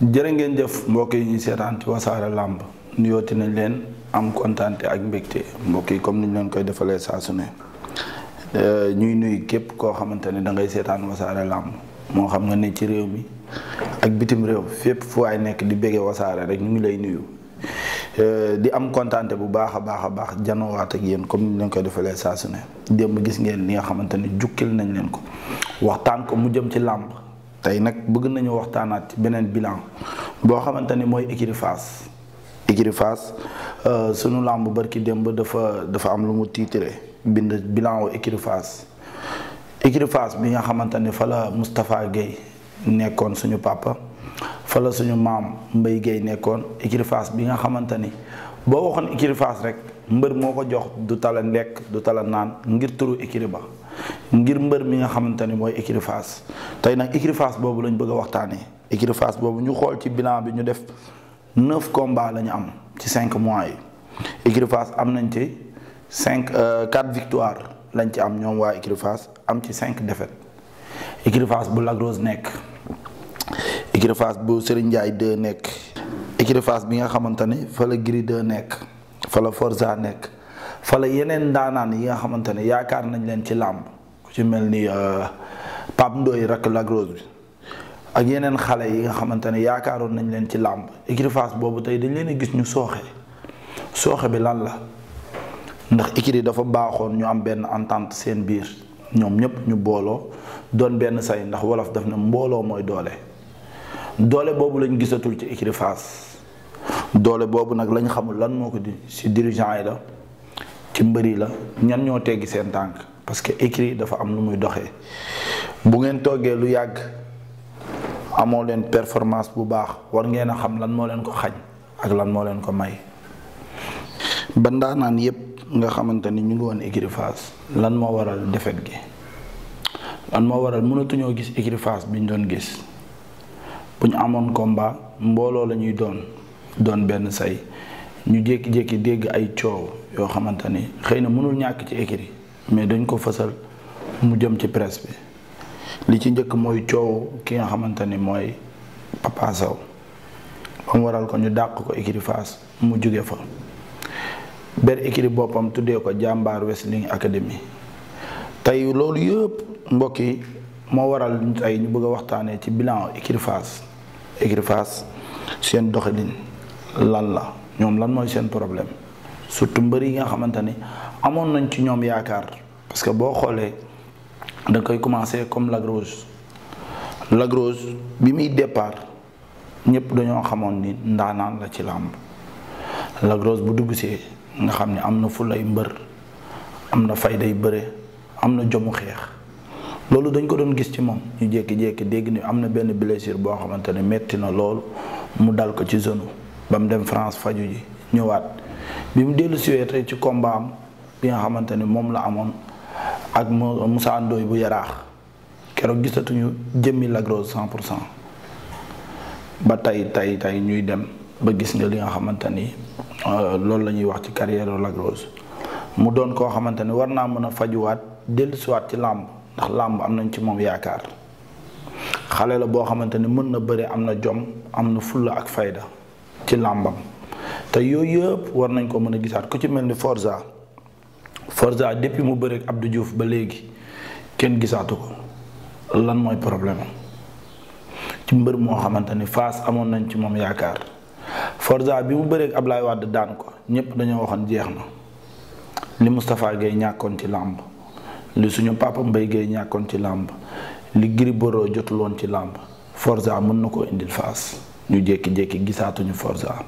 jërë ngeen jëf mbokk yi ñuy seetaan ci wasaare làmb nuyooti nañ leen am kontaante ak mbégte mbokk yi comme niñ leen koy defalee saa su ne eh, ñuy nuyu képp koo xamante ne da ngay seetaan wasaare làmb moo xam nga ne ci réew mi ak bitim réew fépp fu nekk di béggee wasaare rek ñu ngi lay nuyu eh, di am kontaante bu baax a baax a baax janowaat yéen comme niñ leen koy defalee saa su ne démb gis ngeen li nga xamante ne jukkil nañ leen ko waxtaan ko mu jëm ci làmb tey nag bëgg nañu waxtaanaat ci beneen bilan boo xamante ni mooy écurie Fass écurie Fass euh, sunu làmb bërki démb dafa dafa am lu mu tiitre bind bilan wu écurie Fass écurie bi nga xamante ni fa la Moustapha Guèye nekkoon suñu papa fala suñu maam Mbaye Guèye nekkoon écurie Fass bi nga xamante ni boo waxoon écurie rek mbër moo ko jox du tala lekk du tala naan ngir turu écurie ba ngir mbër mi nga xamante ni mooy écurie Fass tey nag écurie Fass boobu lañ bëgg a waxtaanee écurie Fass boobu ñu xool ci bilan bi ñu def neuf combats la ñu am ci cinq mois yi écurie Fass am nañ ci cinq euh, quatre victoires lañ ci am ñoom waa écurie Fass am ci cinq défaites écurie Fass bu Lac nekk écurie Fass bu Serigne Ndiaye 2 nekk écurie Fass bi nga xamante ni fa la Gris 2 nekk fa la Forza nekk fa la yeneen ndaanaan yi nga xamante ne yaakaar nañ leen ci làmb. ci mel ni euh, Pape Ndoye rakk Lac bi ak yeneen xale yi nga xamante ne yaakaaroon nañ leen ci làmb écurie Fass boobu tey dañu leen gis ñu sooxe sooxe bi lan la ndax écurie dafa baaxoon ñu am benn entente seen biir ñoom ñëpp ñu booloo doon benn say ndax wolof def ne mbooloo mooy doole doole boobu lañ gisatul ci écurie Fass doole boobu nag lañ xamul lan moo ko di ci dirigeant yi la ci mbër yi la ñan ñoo teggi seen tànk parce que écrit dafa am lu muy doxee bu ngeen toggee lu yàgg amoo leen performance bu baax war ngeen a xam lan moo leen ko xañ ak lan moo leen ko may ba ndaanaan yépp nga xamante ni ñu ngi woon écurie Fass lan moo waral defet gi lan moo waral mënatuñoo gis écurie Fass bi ñu doon gis bu ñu amoon combat mbooloo la ñuy doon doon benn say ñu jékki-jékki dégg ay coow yoo xamante ni xëy na mënul ñàkk ci écurie mais dañ ko fasal mu jëm ci presse bi li ci njëkk mooy coow ki nga xamante ni mooy Papa Sow mu waral ko ñu dàq ko écurie mu jóge fa ber écurie boppam tuddee ko jàmbaar Wrestling Academy tey loolu yëpp mbokk yi moo waral tey ñu bëgg a waxtaanee ci bilan écurie Fass écurie Fass seen doxalin lan la ñoom lan mooy seen problème surtout mbër yi nga xamante ni amoon nañ ci ñoom yaakaar parce que boo xoolee da koy commencé comme lagros lagros bi muy départ ñëpp dañoo xamoon ni ndaanaan la ci làmb Lac bu dugg see nga xam ne am na ay mbër am na fayday bëre am na jomu xeex loolu dañ ko doon gis ci moom ñu jékki-jékki dégg ni am na benn blessure boo xamante ne metti na loolu mu dal ko ci zone ba mu dem France faju ji ñëwaat bi mu dellu siwee tey ci combat am bi nga xamante ni moom la amoon ak Moussa Ndoye bu yaraax keroog gisatuñu jëmmi Lac cent pour cent ba tey tey tey ñuy dem ba gis nga li nga xamante ni euh, loolu la ñuy wax ci carrière Lac mu doon koo xamante ni war naa mën a fajuwaat dellusiwaat ci làmb ndax làmb am nañ ci moom yaakaar xale la boo xamante ni mën na bëre am na jom am na fulla ak fayda ci làmbam te yooyu yëpp war nañ ko mën a gisaat ku ci mel ni Forza Forza depuis mu bëreeg Abdou juuf ba léegi kenn gisaatu ko lan mooy problème ci mbër moo xamante ni Fass amoon nañ ci moom yaakaar Forza bi mu bëreeg Ablaye Wade daan ko ñëpp dañoo waxoon jeex na li Moustapha Guèye ñàkkoon ci làmb li suñu papa Mbaye ñàkkoon ci làmb li Gris Bordeaux jotuloon ci làmb Forza mën na koo indil Fass ñu jékki-jékki gisaatuñu Forza.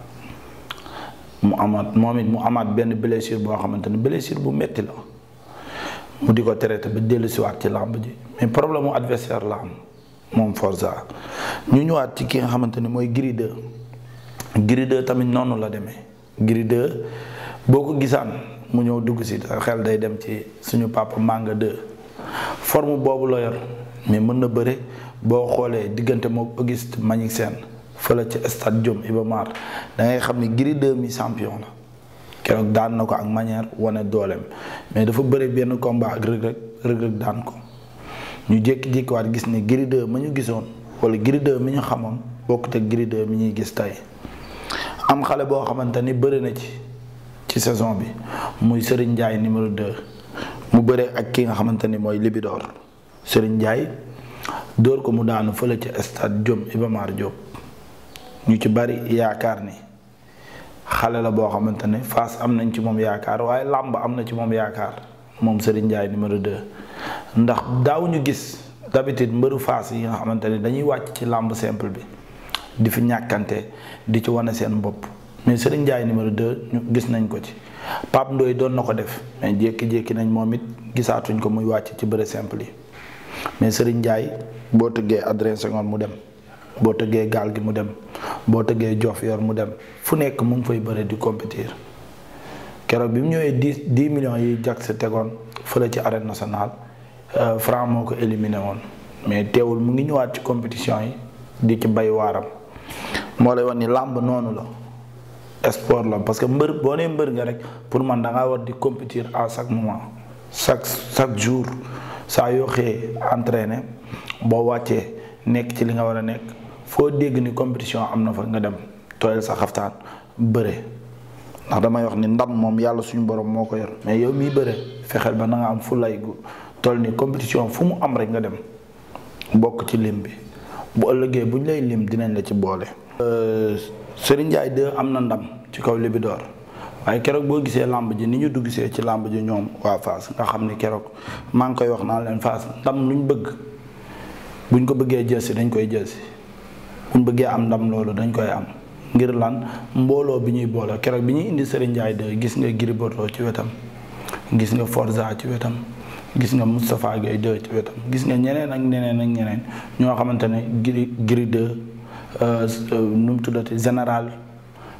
mu amaat moom it mu amaat benn blessure boo xamante ne blessure bu metti la mu di ko traité ba dellusiwaat ci làmb ji mais problème mu adversaire la am moom Forza ñu ñëwaat ci ki nga xamante ni mooy Gris 2 Gris tamit noonu la demee Gris boo ko gisaan mu ñëw dugg xel day dem ci suñu papa Manga 2 forme boobu la mais mën na bëre boo xoolee diggante moom Auguste Manick seen fële ci stade Jom Iba Mar da ngay xam ni Gris 2 mi champion la keroog daan na ko ak manière wane dooleem mais dafa bëri benn combat ak Reug Reug daan ko ñu jékki-jékki gis ne Gris 2 ma ñu gisoon wala Gris 2 mi ñu xamoon bokkut ak Gris mi ñuy gis tey am xale boo xamante ni bëri na ci ci saison bi muy Serigne Ndiaye numéro 2 mu bëre ak ki nga xamante ni mooy libidoor Serigne Ndiaye dóor ko mu daanu fële ci stade Jom Iba Mar Diop. ñu ci bari yaakaar ni xale la boo xamante ne Fass am nañ ci moom yaakaar waaye làmb am na ci moom yaakaar moom Serigne Ndiaye numéro 2 ndax daaw ñu gis d'habitude mbëru Fass yi nga xamante ne dañuy wàcc ci làmb simple bi di fi ñàkkante di ci wane seen bopp mais Serigne Ndiaye numéro 2 gis nañ ko ci Pape Ndoye doon na ko def mais jékki-jékki nañ moom it gisaatuñ ko muy wàcc ci bëre simple yi mais Serigne Ndiaye boo tëggee adresse ngoon mu dem. boo tëggee gaal gi mu dem boo tëggee joof yor mu dem fu nekk mu ngi fay bëre di compétir keroog bi mu ñëwee dix dix millions yi jag sa tegoon fële ci arène nationale euh, Franc moo ko éliminé woon mais teewul mu ngi ñëwaat ci compétition yi di ci bay waaram moo lay wax ni làmb noonu la sport la parce que mbër boo nee mbër nga rek pour man da ngaa di compétir à chaque moment chaque chaque jour saa yoo xëyee entraîné boo wàccee. nekk ci li nga war a nekk foo dégg ni compétition am na fa nga dem tooyal sa xaftaan bëre ndax damay wax ni ndam moom yàlla suñu borom moo ko yor mais yow mii bëre fexeel ba na nga am fu lay gu toll ni compétition fu mu am rek nga dem bokk ci lim bi bu ëllëgee bu ñu lay lim dinañ la ci boole. Euh, sëriñ Ndiaye 2 am na ndam ci kaw Libidor waaye keroog boo gisee làmb ji ni ñu dugg see ci làmb ji ñoom waa Fass nga xam ni keroog maa ngi koy wax naa leen Fass ndam bëgg. buñ ko bëggee jël si dañ koy jëlsi si buñ bëggee am ndam loolu dañ koy am ngir lan mbooloo bi ñuy boole keroog bi ñuy indi Serigne Ndiaye de gis nga Gris ci wetam gis nga Forza ci wetam gis nga Moustapha Gueye 2 ci wetam gis nga ñeneen ak ñeneen ak ñeneen ñoo xamante ne Gris Gris 2 euh, euh, nu tuddati général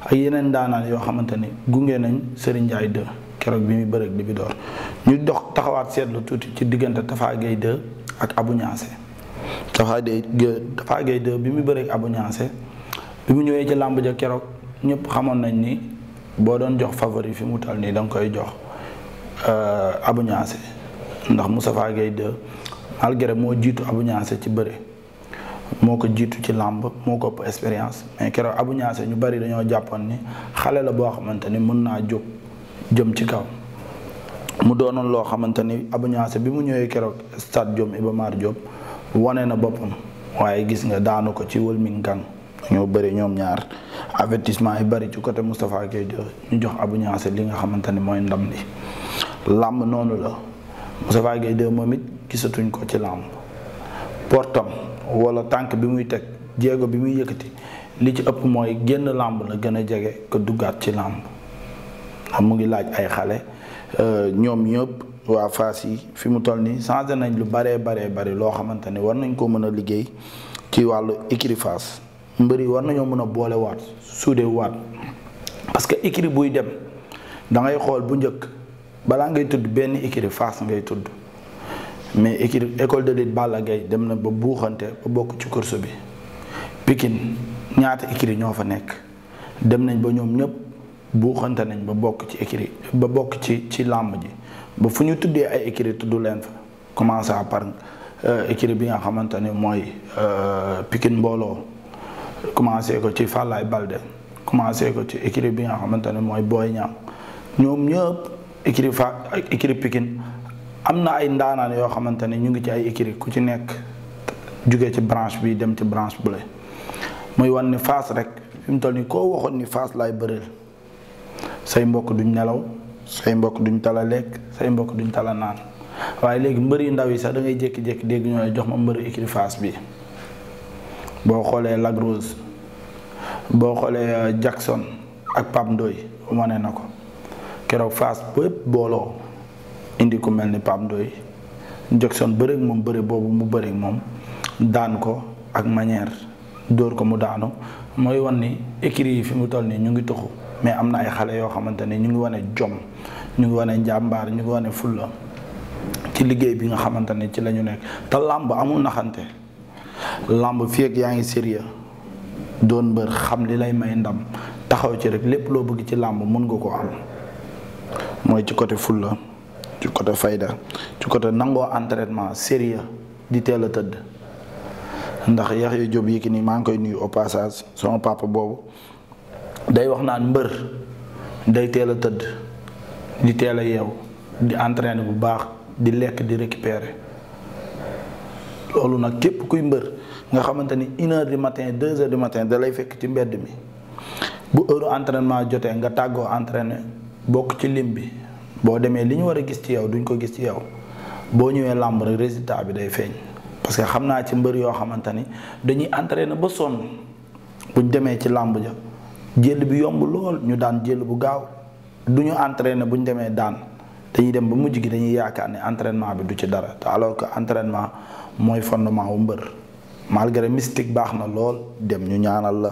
ak yeneen daanaan yoo xamante ne gunge nañ Serigne Ndiaye 2 keroog bi muy bërëg di bi ñu dox taxawaat seetlu tuuti ci diggante Tafa Gueye 2 ak Abou Niassé Tafa Gueye Tafa Gueye 2 bi mu bëreeg Abou Niassé bi mu ñëwee ci làmb ja keroog ñëpp xamoon nañ ni boo doon jox favori fi mu tal nii danga koy jox euh, Abou Niassé ndax Moustapha Gueye 2 malgré moo jiitu Abou Niassé ci bëre moo ko jiitu ci làmb moo ko ëpp expérience mais keroog Abou Niassé ñu bari dañoo jàppoon ni xale la boo xamante ni mën naa jóg jëm ci kaw mu doonoon loo xamante ni Abou bi mu ñëwee keroog stade Diop Iba Mar Diop wane na boppam waaye gis nga daanu ko ci wëlminkan ñoo bëri ñoom ñaar avertissement yi bëri ci côté Moustapha Gueye ñu jox abu Niasse li nga xamante ni mooy ndam li làmb noonu la Moustapha Gueye de moom it gisatuñ ko ci làmb portam wala tànk bi muy teg jéego bi muy yëkkati li ci ëpp mooy génn làmb la gën a jege ko duggaat ci làmb am mu ngi laaj ay xale euh, ñoom ñëpp waa Fass yi fi mu toll nii changé nañ lu baree baree bari loo xamante ne war nañ koo mën a liggéey ci wàllu écurie Fass mbër yi war nañoo mën a boole waat suude waat parce que écurie buy dem da xool bu njëkk balaa ngay tudd benn écurie Fass ngay tudd mais écurie école de lutte Balla Gaye dem na ba buuxante ba bokk ci course bi Pikine ñaata écurie ñoo fa nekk dem nañ ba ñoom ñëpp buuxante nañ ba bokk ci écurie ba bokk ci ci làmb ji ba fu ñu tuddee ay écurie tudd leen fa commencé par euh, écurie bi nga xamante ne mooy euh, Pikine mbooloo commencé ko ci Fallaye Balde commencé ko ci écurie bi nga xamante ne mooy booy Niang ñoom ñëpp écurie fa écurie Pikine am na ay ndaanaan yoo xamante ne ñu ngi ci ay écurie ku ci nekk jugee ci branche bi dem ci branche bu mooy muy wan ni Fass rek fi mu toll nii koo waxoon ni Fass laay bëreel say mbokk duñ nelaw. say mbokk duñ tala lekk say mbokk duñ tala naan waaye léegi mbër yu ndaw yi sax dangay ngay jékki-jékki dégg ñoo jox ma mbëru écurie Fass bi boo xoolee Lac Rose boo xoolee euh, Jackson ak Pape Ndoye wane na ko keroog Fass bépp booloo indi ku mel ni Pape Ndoye Jackson bëreek moom bëre boobu mu bëreek moom daan ko ak manière dóor ko mu daanu mooy wan ni écurie yi fi mu toll nii ñu ngi toxu mais am na ay xale yoo xamante ne ñu ngi wane jom ñu ngi wane njàmbaar ñu ngi wane fulla ci liggéey bi nga xamante ne ci la ñu nekk te làmb amul naxante làmb fii ak yaa ngi sérieux doon mbër xam li lay may ndam taxaw ci rek lépp loo bëgg ci làmb mën nga ko am mooy ci côté fulla ci côté fayda ci côté nangoo entraînement sérieux di teel a tëdd ndax Yaxya Jóob Yékini maa ngi koy nuyu au passage sama papa boobu day wax naan mbër day teel a tëdd di teel a yeew di entraîné bu baax di lekk di récupérer loolu nag képp kuy mbër nga xamante ni une heure du matin deux heures du matin da lay fekk ci mbedd mi bu heure entraînement jotee nga tàggoo entraîné bokk ci lim bi boo demee li ñu war a gis ci yow duñ ko gis ci yow boo ñëwee làmb rek résultat bi day feeñ parce que xam naa ci mbër yoo xamante ni dañuy entraîné ba sonn bu demee ci làmb ja jéll bi yomb lool ñu daan jël bu gaaw du ñu entraîné bu ñu demee daan dañuy dem ba mujj gi dañuy yaakaar ne entraînement bi du ci dara te alors que entraînement mooy fondement wu mbër malgré baax na lool dem ñu ñaanal la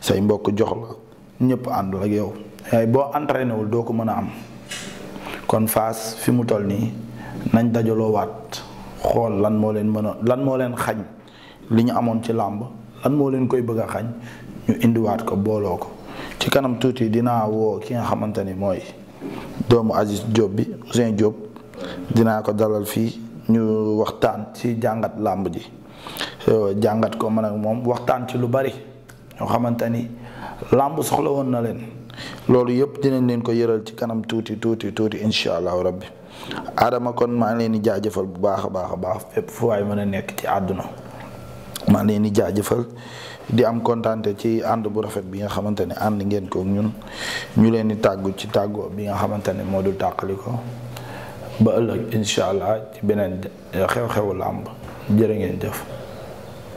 say mbokk jox la ñëpp àndul ak yow waaye boo entraîné wul doo ko mën a am kon fas fi mu toll nii nañ dajaloo waat xool lan moo leen mën lan moo leen xañ li ñu amoon ci làmb lan moo leen koy bëgg a xañ ñu indiwaat ko booloo ko ci kanam tuuti dinaa woo ki nga xamante ni mooy doomu Aziz Diop bi Ousseyn Diop dinaa ko dalal fii ñu waxtaan ci jàngat làmb ji jàngat ko man ak moom waxtaan ci lu bari ñoo xamante ni làmb soxla woon na leen loolu yëpp dinañ leen ko yëral ci kanam tuuti tuuti tuuti incha allahu rabbi Adama kon maa leen di jaajëfal bu baax a baax a baax fépp fu waay mën a nekk ci àdduna maa ngi leen di jëfal di am kontaante ci ànd bu rafet bi nga xamante ne ànd ngeen ko ñun ñu leen di tàggu ci tàggoo bi nga xamante ne moo du tàqali ko ba ëllëg incha allah ci beneen xew-xewu làmb jërë ngeen jëf.